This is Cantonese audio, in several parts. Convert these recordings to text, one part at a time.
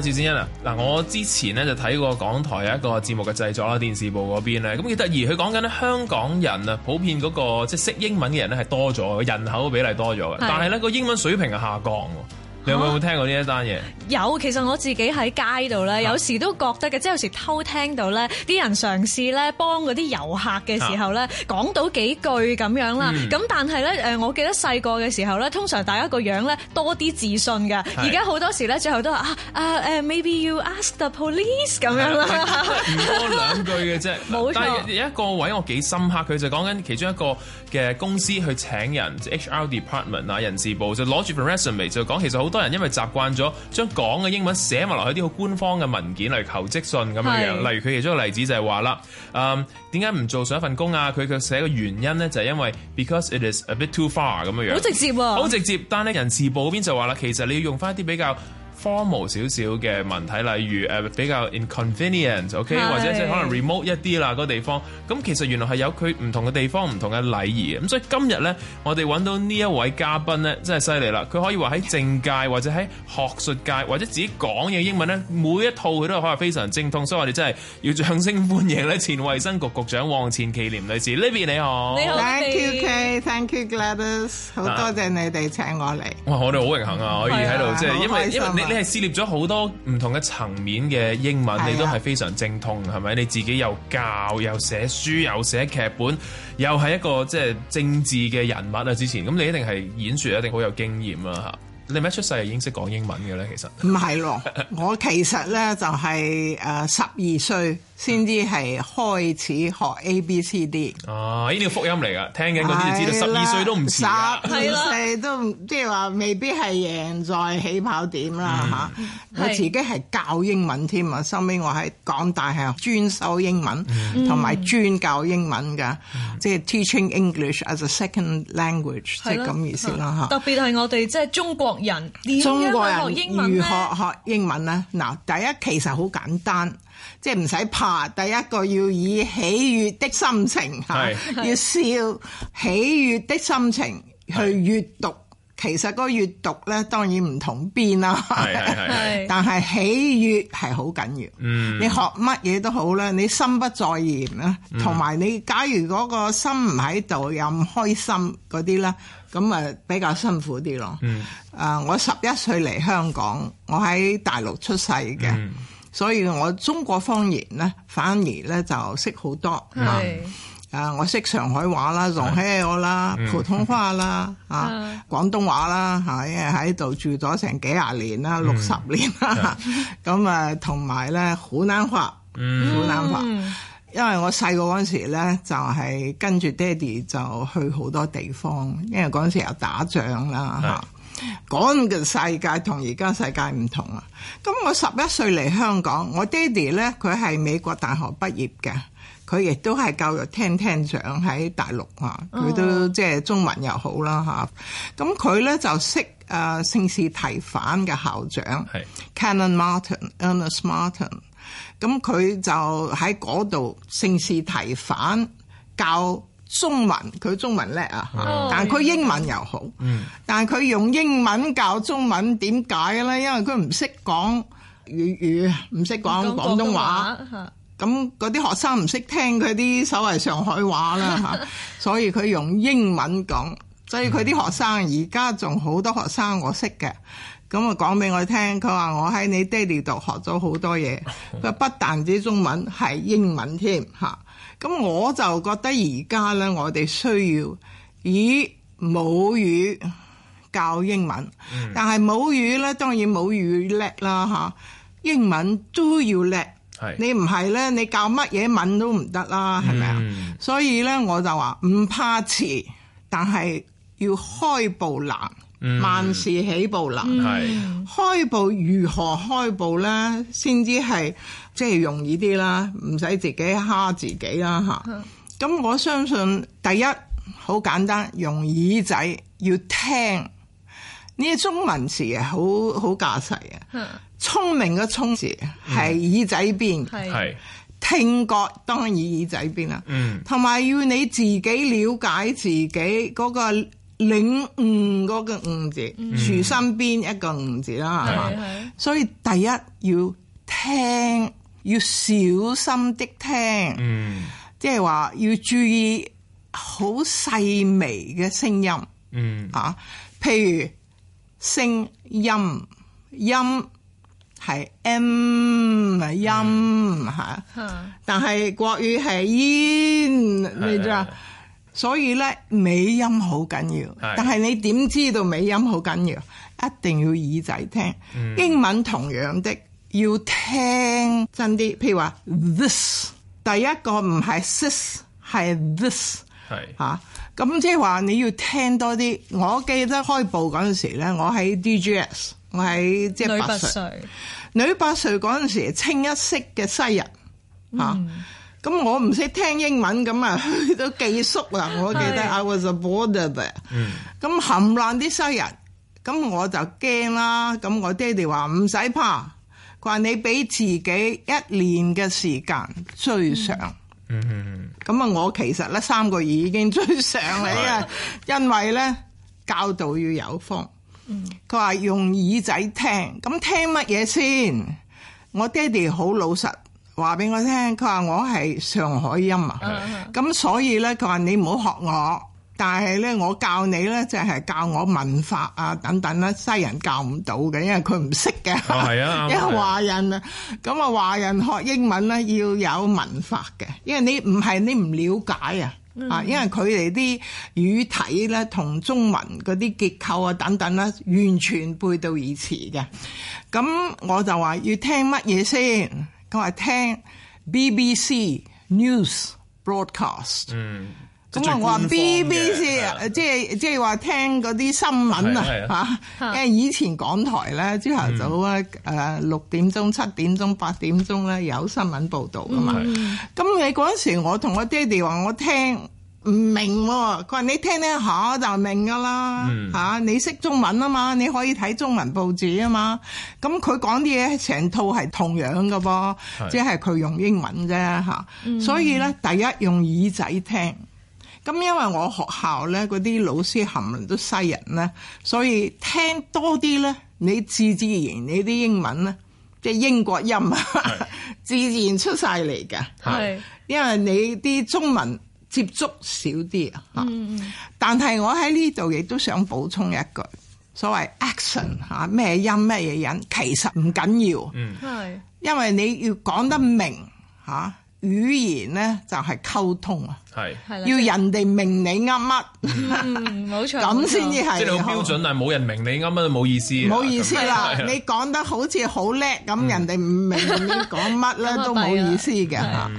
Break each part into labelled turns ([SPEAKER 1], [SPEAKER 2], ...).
[SPEAKER 1] 朱子欣啊，嗱我之前咧就睇過港台一個節目嘅製作啦，電視部嗰邊咧，咁佢得意，佢講緊咧香港人啊，普遍嗰、嗰個即係識英文嘅人咧係多咗，人口比例多咗嘅，的但係咧個英文水平係下降。你有冇聽過呢一單嘢？
[SPEAKER 2] 有，其實我自己喺街度咧，有時都覺得嘅，即係有時偷聽到咧，啲人嘗試咧幫嗰啲遊客嘅時候咧，講到幾句咁樣啦。咁但係咧，誒，我記得細個嘅時候咧，通常大家個樣咧多啲自信嘅。而家好多時咧，最後都話啊啊誒，maybe you ask the police 咁樣啦。
[SPEAKER 1] 唔多兩句嘅啫，冇錯。但係有一個位我幾深刻，佢就講緊其中一個嘅公司去請人，即係 HR department 啊，人事部就攞住 presentation 就講，其實好多。人因為習慣咗將講嘅英文寫埋落去啲好官方嘅文件嚟求職信咁樣樣，是例如佢其中一個例子就係話啦，誒點解唔做上一份工啊？佢佢寫個原因咧就係因為 because it is a bit too far 咁樣樣，好直接、啊，好直接。但係人事部嗰邊就話啦，其實你要用返一啲比較，formal 少少嘅文體，例如誒、uh, 比較 inconvenient，OK，okay？是或者即係可能 remote 一啲啦、那個地方，咁其實原來係有佢唔同嘅地方，唔同嘅禮儀。咁所以今日咧，我哋揾到呢一位嘉賓咧，真係犀利啦，佢可以話喺政界或者喺學術界或者自己講嘢英文咧，每一套佢都係可以非常精通，所以我哋真係要掌聲歡迎咧，前衛生局局長黃錢其濂女士，Libby 你好。你好，thank
[SPEAKER 3] you，thank you,
[SPEAKER 1] Gladys, you, S,、uh, 好多謝你哋請我嚟。哇，我哋好榮幸啊，可以喺度即係因為你係涉獵咗好多唔同嘅層面嘅英文，是的 你都係非常精通，係咪？你自己又教，又寫書，又寫劇本，又係一個即係政治嘅人物啊！之前咁，你一定係演説，一定好有經驗啊！嚇，你咪出世就已經識講英文嘅咧？其實唔係咯，
[SPEAKER 3] 我其實咧就係誒十二歲。先至係開始學 A B C
[SPEAKER 1] D 哦，呢啲、啊、福音嚟㗎，聽緊嗰啲知道都，十二歲都唔遲，十歲
[SPEAKER 3] 都即係話未必係贏在起跑點啦嚇。我自己係教英文添啊，收尾我喺港大係專修英文同埋、嗯、專教英文嘅，即係、嗯、teaching English as a second language，即係咁意思啦嚇。特
[SPEAKER 4] 別
[SPEAKER 2] 係我哋即係中國人，中國人如何學
[SPEAKER 3] 英文咧？嗱，第一其實好簡單。即係唔使怕，第一個要以喜悅的心情嚇是，要笑，喜悅的心情去閲讀。是其實嗰閲讀咧當然唔同邊啦，但係喜悅係好緊要。嗯是，你學乜嘢都好啦，你心不在焉啦，同埋是你假如嗰個心唔喺度又唔開心嗰啲咧，咁啊比較辛苦啲咯。嗯是是、呃，我十一歲嚟香港，我喺大陸出世嘅。嗯嗯所以我中國方言咧，反而咧就識好多嚇。Mm. 啊，我識上海話啦、上海我啦、mm. 普通話啦、嚇、啊 mm. 廣東話啦，係、啊、咪？喺度住咗成幾廿年啦，六十年啦。咁啊、mm.，同埋咧，湖南話，
[SPEAKER 4] 湖南話。Mm.
[SPEAKER 3] 因為我細個嗰陣時咧，就係跟住爹哋就去好多地方，因為嗰陣時又打仗啦嚇。啊嗰個世界同而家世界唔同啊！咁我十一歲嚟香港，我爹哋咧佢係美國大學畢業嘅，佢亦都係教育廳廳長喺大陸、oh. 啊，佢都即係中文又好啦吓，咁佢咧就識啊聖士提反嘅校長 Canon Martin，oh. Ernest Martin。咁佢就喺嗰度聖士提反教。中文佢中文叻啊，但佢英文又好，嗯、但係佢用英文教中文點解咧？因為佢唔識講粵語，唔識講廣東話，咁嗰啲學生唔識聽佢啲所謂上海話啦吓， 所以佢用英文講，所以佢啲學生而家仲好多學生我識嘅，咁啊講俾我聽，佢話我喺你爹哋度學咗好多嘢，佢 不但止中文係英文添吓。啊咁我就覺得而家咧，我哋需要以母語教英文，嗯、但係母語咧當然母語叻啦嚇，英文都要叻。是你唔係咧，你教乜嘢文都唔得啦，係咪啊？所以咧，我就話唔怕遲，但係要開步難，萬事起步難。開步如何開步呢？先至係。即係容易啲啦，唔使自己蝦自己啦嚇。咁我相信第一好簡單，用耳仔要聽呢啲中文詞啊，好好架勢啊，聰明嘅聰字係耳仔邊，係、嗯、聽覺當然耳仔邊啦。嗯，同埋要你自己了解自己嗰個領悟嗰個悟字，豎心、嗯、邊一個悟字啦，係係，所以第一要聽。要小心的聽，嗯、即係話要注意好細微嘅聲音，嗯啊，譬如聲音音係 M 音、嗯、啊音吓，但係國語係 Yin，是的 你知啊，所以咧，尾音好緊要，是的 但係你點知道尾音好緊要？一定要耳仔聽，嗯、英文同樣的。要聽真啲，譬如話 this，第一個唔係 h i s 係 this 嚇。咁即係話你要聽多啲。我記得開報嗰陣時咧，我喺 DGS，我喺即係八歲女八歲嗰陣時，清一色嘅西人嚇。咁、嗯啊、我唔識聽英文，咁啊去到寄宿啊。我記得 I was a border boy。咁冚、嗯嗯、爛啲西人，咁我就驚啦。咁我爹哋話唔使怕。佢話你俾自己一年嘅時間追上，咁啊、嗯、我其實咧 三個月已經追上你啊，是因為咧教導要有方，佢話、嗯、用耳仔聽，咁聽乜嘢先？我爹哋好老實話俾我聽，佢話我係上海音啊，咁是所以咧佢話你唔好學我。但係咧，我教你咧，就係教我文法啊，等等啦，西人教唔到嘅，因為佢唔識嘅。係啊，因為華人啊，咁啊，華人學英文咧要有文法嘅，因為你唔係你唔了解啊，啊，mm. 因為佢哋啲語體咧同中文嗰啲結構啊等等啦，完全背道而馳嘅。咁我就話要聽乜嘢先？佢話聽 BBC News Broadcast。Mm.
[SPEAKER 4] 咁 B 啊！我話 BBC 先啊，
[SPEAKER 3] 即係即係話聽嗰啲新聞啊嚇。啊，因為以前港台咧朝頭早啊，誒六點鐘、七點鐘、八點鐘咧有新聞報導啊嘛。咁你嗰時，我同我爹哋話我聽唔明喎，佢話你聽聽一下就明噶啦嚇。你識中文啊嘛，你可以睇中文報紙啊嘛。咁佢講啲嘢成套係同樣嘅噃，即係佢用英文啫嚇、啊。所以咧，第一用耳仔聽。咁因為我學校咧嗰啲老師冚唥都西人咧，所以聽多啲咧，你自自然你啲英文咧，即係英國音啊，是自然出晒嚟嘅，係是因為你啲中文接觸少啲嚇，是
[SPEAKER 4] 嗯、
[SPEAKER 3] 但係我喺呢度亦都想補充一句，所謂 accent 嚇咩音咩嘢音，其實唔緊要，
[SPEAKER 4] 係是
[SPEAKER 3] 因為你要講得明嚇。嗯嗯語言咧就係溝通啊，
[SPEAKER 4] 係
[SPEAKER 1] 要人
[SPEAKER 3] 哋明你噏乜，冇錯咁先至係即係好標
[SPEAKER 1] 準，但冇人明你噏乜都冇意思，冇意思啦！你
[SPEAKER 3] 講得好似好叻，咁人哋唔明你講乜咧都冇意思嘅嚇，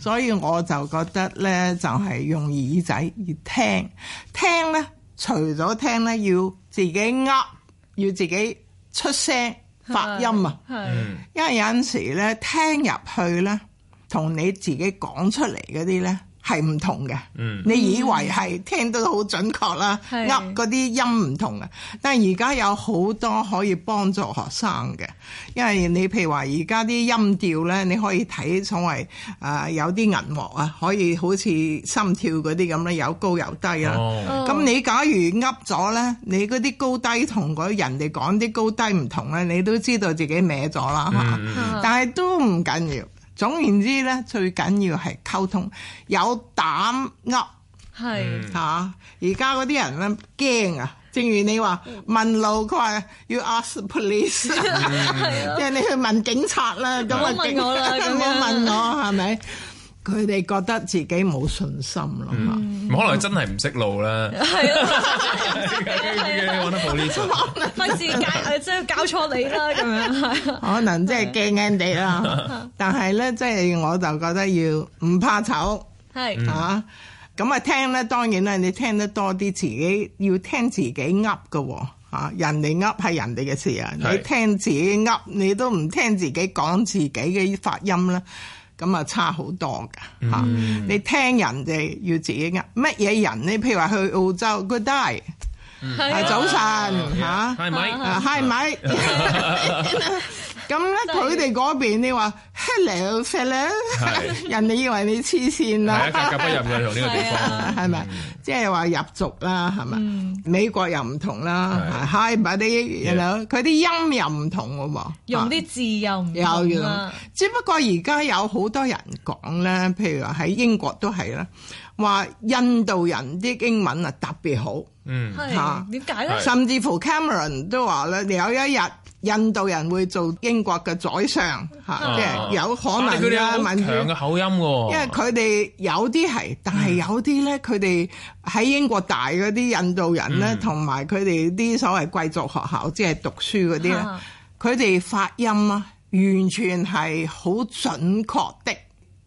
[SPEAKER 3] 所以我就覺得咧就係用耳仔要聽，聽咧除咗聽咧要自己噏，要自己出聲發音啊，因為有陣時咧聽入去咧，同你自己講出嚟嗰啲咧係唔同嘅，嗯、
[SPEAKER 4] 你以為係
[SPEAKER 3] 聽到好準確啦，噏嗰啲音唔同嘅。但係而家有好多可以幫助學生嘅，因為你譬如話而家啲音調咧，你可以睇所謂誒、呃、有啲銀幕啊，可以好似心跳嗰啲咁啦，有高有低啊。咁、哦、你假如噏咗咧，你嗰啲高低同人哋講啲高低唔同咧，你都知道自己歪咗啦嚇。嗯嗯、但係都唔緊要。總言之咧，最緊要係溝通，有膽噏係嚇。而家嗰啲人咧，驚啊，正如你話問路，佢話要 ask police，即係、啊、 你去問警察啦。咁
[SPEAKER 4] 啊，唔好問我係
[SPEAKER 3] 咪？佢哋覺得自己冇信心
[SPEAKER 1] 咯、嗯、想可能真係唔識路啦。係咯，我得好呢次，咪
[SPEAKER 3] 先
[SPEAKER 2] 解即係教錯你啦咁
[SPEAKER 3] 樣。可能即係驚驚哋啦， 但係咧即係我就覺得要唔怕醜係啊。咁啊聽，咧，當然啦，你聽得多啲，自己要聽自己噏嘅喎。人哋噏係人哋嘅事啊，事是你聽自己噏，你都唔聽自己講自己嘅發音啦。咁啊，差好多嘅嚇！你聽人哋要自己嗌乜嘢人咧？譬如話去澳洲，Good day，mm.
[SPEAKER 4] 啊，啊早晨嚇、oh
[SPEAKER 3] okay. 啊、Hi Mike，啊 Hi Mike，咁咧佢哋嗰邊你話。Hello, 是人哋以為你黐線啦，係咪？ 即係話入族啦，係咪？嗯、美國又唔同啦是，hi 唔係啲，佢啲音又唔同嘅喎，用啲
[SPEAKER 2] 字又唔同，又
[SPEAKER 3] 只不過而家有好多人講咧，譬如話喺英國都係啦，話印度人啲英文啊特別好，嗯，
[SPEAKER 4] 嚇點解咧？說甚
[SPEAKER 3] 至乎 Cameron 都話咧你有一日。印度人會做英國嘅宰相，吓、啊，
[SPEAKER 1] 即係有可能呀。強嘅口音喎，主因為
[SPEAKER 3] 佢哋有啲係，嗯、但係有啲咧，佢哋喺英國大啲印度人咧，同埋佢哋啲所謂貴族學校，即係讀書啲咧，佢哋、啊、發音啊，完全係好準確的。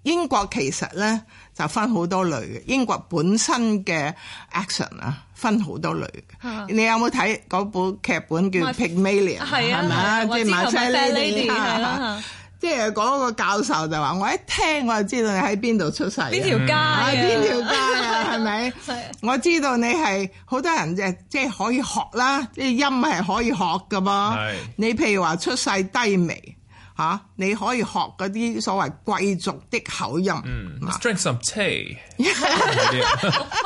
[SPEAKER 3] 英國其實咧就分好多類嘅，英國本身嘅 accent 啊分好多類嘅。你有冇睇嗰本劇本叫《Pygmalion》？係咪啊？即係《My Fair Lady》啊即係嗰個教授就話：我一聽我就知道你喺邊度出世，邊條街啊？邊條街啊？係咪？我知道你係好多人即係即係可以學啦，即啲音係可以學噶噃。你譬如話出世低微。嚇！你可以學嗰啲所謂貴族的口音。
[SPEAKER 1] Drink some tea。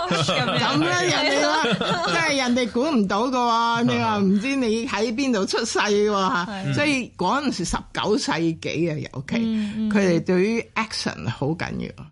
[SPEAKER 1] 口音人哋話，即係
[SPEAKER 3] 人哋估唔到噶喎。你話唔知你喺邊度出世喎？所以嗰陣時十九世紀啊，尤其佢哋對於 accent 好緊要。Hmm.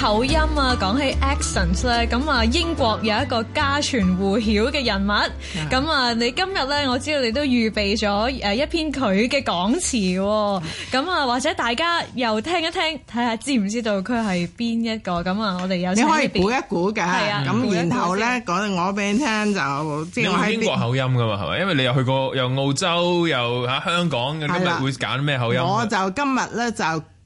[SPEAKER 2] 口音啊，講起 accent 咧，咁啊英國有一個家傳戶曉嘅人物，咁啊你今日咧，我知道你都預備咗誒一篇佢嘅講詞，咁啊或者大家又聽一聽，睇下知唔知道佢係邊一個？咁啊我哋有你可以估一估嘅，係啊，咁然後咧講我
[SPEAKER 3] 俾你聽就，你用英國口
[SPEAKER 1] 音噶嘛，係咪？因為你又去過又澳洲又喺香港，咁今日，會揀咩口音？我
[SPEAKER 3] 就今日咧就。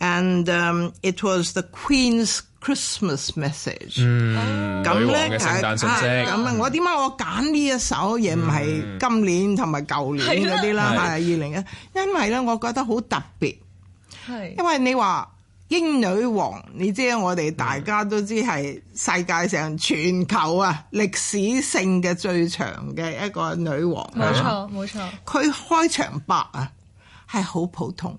[SPEAKER 3] And、um, it was the Queen's Christmas message、
[SPEAKER 4] 嗯。呢女王咁啊，啊
[SPEAKER 3] 我點解我揀呢一首嘢唔係今年同埋舊年嗰啲啦？吓、嗯，二零一，因為咧，我覺得好特別。係
[SPEAKER 4] 的，
[SPEAKER 3] 因為你話英女王，你知我哋大家都知係世界上全球啊歷史性嘅最長嘅一個女王。冇錯，冇錯。佢開場白啊，係好普通。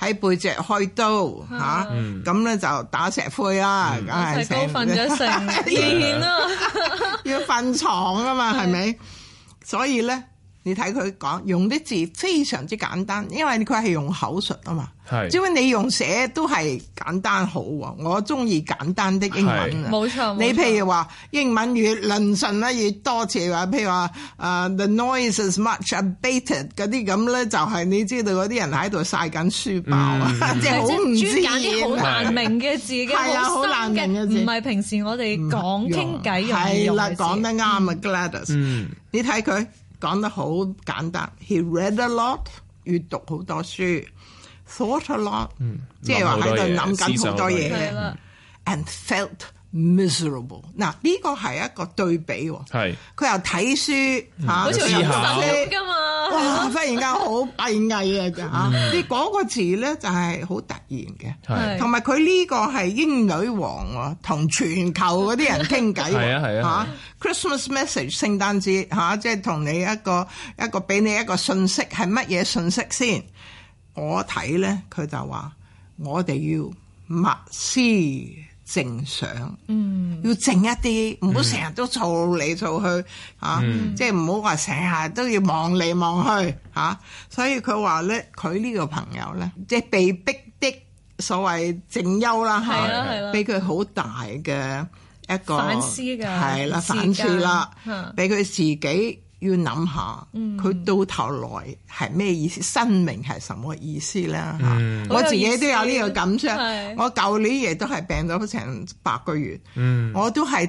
[SPEAKER 3] 喺背脊開刀嚇，咁咧就打石灰啦，梗係成日瞓咗成年咯，要瞓床啊嘛，係咪？所以咧。你睇佢講用啲字非常之簡單，因為佢係用口述啊嘛。係是，只不過你用寫都係簡單好喎。我中意簡單的英文的。冇錯是。你譬如話英文越論述咧，越多詞話，譬如話啊、uh,，the noise is much abated 嗰啲咁咧，就係你知道嗰啲人喺度晒緊書包啊，即係好唔自然。專揀啲好難明嘅字嘅，係啊，好難明嘅字。唔
[SPEAKER 2] 係平時我哋講
[SPEAKER 4] 傾偈用嘅字。係啦、啊，講
[SPEAKER 3] 得啱啊，Gladys。Glad 嗯，你睇佢。講得好簡單 He read a lot，閱讀好多書 thought a lot，即係話喺度諗緊好多嘢、嗯、，and 嘅 felt miserable。嗱呢個係一個對比，係佢是又睇書，吓、嗯，好、嗯、似有啲深啲嘛。乎哇！忽然間好閉翳啊！嚇、那個，你嗰個詞咧就係、係、好突然嘅，同埋佢呢個係英女王喎、啊，同全球嗰啲人傾偈喎，嚇、 啊啊啊啊。Christmas message 聖誕節嚇，即係同你一個一個俾你一個信息，係乜嘢信息先？我睇咧，佢就話我哋要默思。正常，嗯，要靜一啲，唔好成日都做嚟做去，嚇、嗯，即係唔好話成日都要望嚟望去，嚇、啊。所以佢話咧，佢呢個朋友咧，即係被逼的所謂靜修啦，嚇、啊，俾佢好大嘅一個反思嘅，係啦、啊，反思啦，俾佢、啊、自己。要諗下，佢到頭來係咩意思？生命係什麼意思咧？嚇、嗯！嗯、
[SPEAKER 4] 我自己都有
[SPEAKER 3] 呢個感想。我舊年亦都係病咗成八個月，嗯、我都係。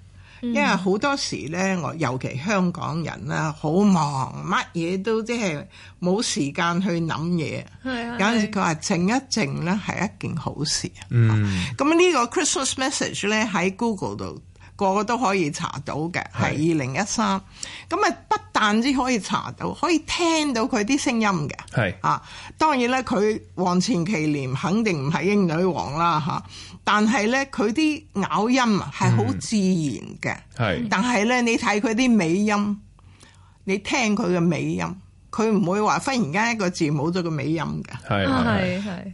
[SPEAKER 3] 因為好多時咧，我尤其香港人啦，好忙，乜嘢都即係冇時間去諗嘢。
[SPEAKER 4] 有陣時佢
[SPEAKER 3] 話靜一靜咧，係一件好事。咁呢 個 Christmas message 咧喺 Google 度。個個都可以查到嘅，係二零一三。咁啊，不但止可以查到，可以聽到佢啲聲音嘅。係是啊，當然咧，佢黃錢其濂肯定唔係英女王啦嚇、啊。但係咧，佢啲咬音啊係好自然嘅。係、嗯，但係咧，你睇佢啲尾音，你聽佢嘅尾音，佢唔會話忽然間一個字冇咗個尾音嘅。係係係。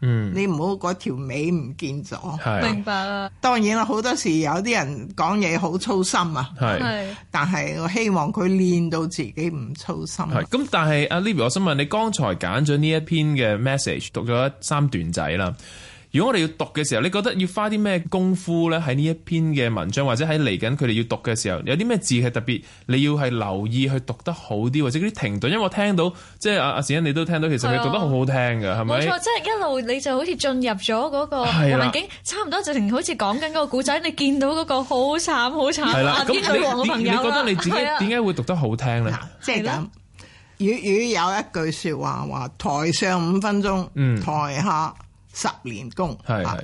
[SPEAKER 3] 嗯，你唔好嗰條尾唔見咗，係啊、明白啦。當然啦，好多時有啲人講嘢好粗心啊，係，係啊、但係我希望佢練到自己唔粗心、啊啊。係，
[SPEAKER 1] 咁但係阿 Libby 我想問你，剛才揀咗呢一篇嘅 message，讀咗三段仔啦。如果我哋要讀嘅時候，你覺得要花啲咩功夫咧？喺呢一篇嘅文章，或者喺嚟緊佢哋要讀嘅時候，有啲咩字係特別，你要係留意去讀得好啲，或者嗰啲停頓。因為我聽到，即係阿阿志恩，啊、你都聽到，其實你讀得好好聽嘅，係咪、啊？冇錯，即
[SPEAKER 2] 係一路你就好似進入咗嗰個環境，啊、差唔多就係好似講緊嗰個古仔，你見到嗰個好慘好
[SPEAKER 3] 慘啲女王嘅朋友。係啦、啊，你覺得你自
[SPEAKER 1] 己點解會讀得好聽咧？
[SPEAKER 3] 即係咁，粵語有一句説話話：台上五分鐘，
[SPEAKER 1] 台下，嗯十年功係。係，的啊、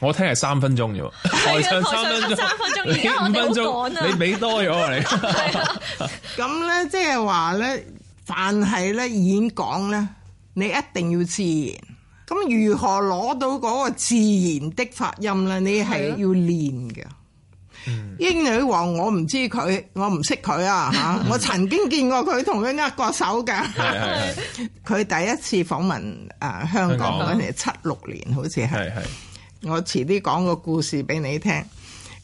[SPEAKER 1] 我聽係三分鐘啫喎，台的 上三分鐘三、啊、分鐘，五分鐘你俾多咗啊你。
[SPEAKER 3] 咁咧即係話咧，凡係咧演講咧，你一定要自然。咁如何攞到嗰個自然的發音咧？你係要練嘅。英女王我，我唔知佢，我唔識佢啊吓！我曾經見過佢同佢握過手嘅，佢 第一次訪問誒、呃、香港嗰陣時，七六年好似係。 我遲啲講個故事俾你聽，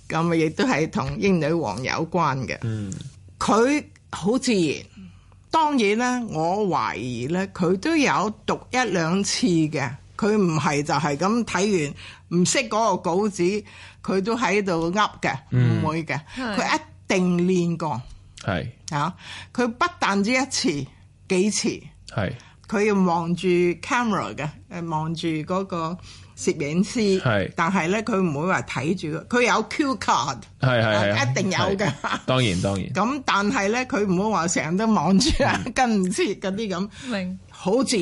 [SPEAKER 3] 咁亦都係同英女王有關嘅。嗯，佢好自然，當然咧，我懷疑咧，佢都有讀一兩次嘅，佢唔係就係咁睇完，唔識嗰個稿子。佢都喺度噏嘅，唔、嗯、會嘅。佢是一定練過，
[SPEAKER 4] 吓
[SPEAKER 3] 佢是、啊、不但止一次幾次，佢是要望住 camera 嘅，誒望住嗰個攝影師。是但係咧，佢唔會話睇住，佢有 Q card，係
[SPEAKER 1] 係、啊、一定有嘅。當然當然。
[SPEAKER 3] 咁但係咧，佢唔會話成日都望住啊，跟唔切嗰啲咁，明，好自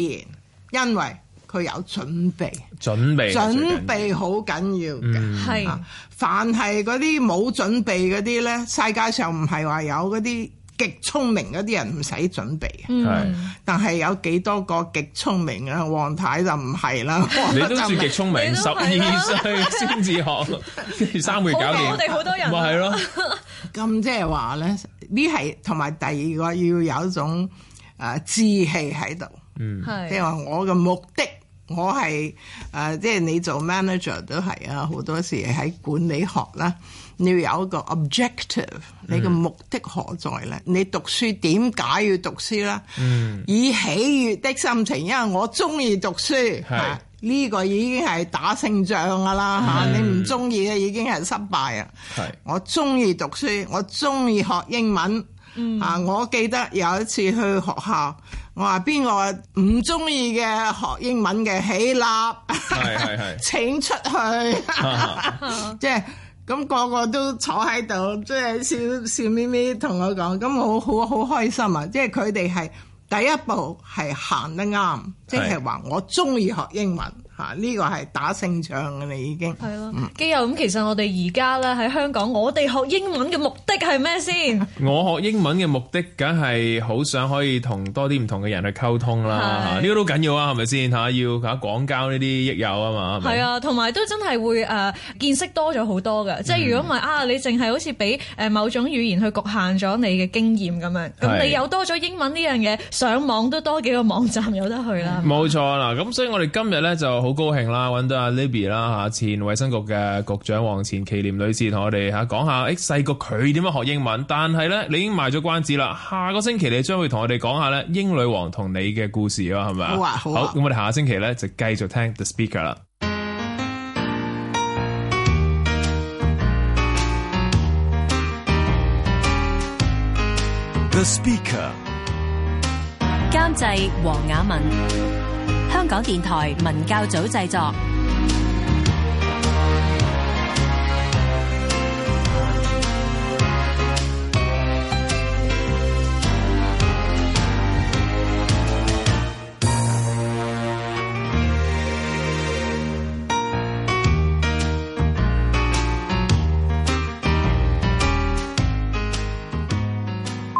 [SPEAKER 3] 然，因為。佢有準備，
[SPEAKER 1] 準備準,準備
[SPEAKER 3] 好緊要嘅，係凡係嗰啲冇準備嗰啲咧，世界上唔係話有嗰啲極聰明嗰啲人唔使準備嘅，嗯、但係有幾多個極聰明咧？黃太就
[SPEAKER 1] 唔係啦，你都算極聰明，十二歲先至學，跟住 三歲搞掂，我哋好多人咪、啊、咯，
[SPEAKER 3] 咁即係話咧呢係同埋第二個要有一種誒志氣喺度，啊、嗯，即係話我嘅目的。我係誒、呃，即係你做 manager 都係啊，好多時喺管理學啦，你要有一個 objective，你嘅目的何在咧？你讀書點解要讀書啦？嗯，以喜悅的心情，因為我中意讀書，係呢個已經係打勝仗噶啦嚇，你唔中意咧已經係失敗啊！係我中意讀書，我中意學英文。嗯、啊，我記得有一次去學校。我話邊個唔中意嘅學英文嘅起立，係係
[SPEAKER 4] 係，
[SPEAKER 3] 請出去， 即係咁，個個都坐喺度，即係笑笑眯眯同我講，咁我好好，好開心啊！即係佢哋係第一步係行得啱，是即係話我中意學
[SPEAKER 2] 英文。嚇！呢個係打勝仗嘅你已經。係咯。基友咁其實我哋而家咧喺香港，我哋學英文嘅目的係咩先？
[SPEAKER 1] 我學英文嘅目的，梗係好想可以同多啲唔同嘅人去溝通啦。呢個都緊要啊，係咪先嚇？要搞廣交呢啲益友啊嘛。係啊，
[SPEAKER 2] 同埋都真係會誒見識多咗好多㗎。即係如果唔係啊，你淨係好似俾誒某種語言去侷限咗你嘅經驗咁樣。咁你有多咗英文呢樣嘢，上網都多幾個網站有得去啦。
[SPEAKER 1] 冇錯啦。咁所以我哋今日咧就。好高興啦，揾到阿 Libby 啦吓，前衛生局嘅局長黃錢其濂女士同我哋吓講下，誒細個佢點樣學英文，但係咧你已經賣咗關子啦。下個星期你將會同我哋講下咧英女王同你嘅故事啊，係咪啊？好啊，好啊。好，咁我哋下星期咧就繼續聽 The Speaker 啦。The
[SPEAKER 4] Speaker。
[SPEAKER 2] 監製黃雅文。香港電台文教組製作。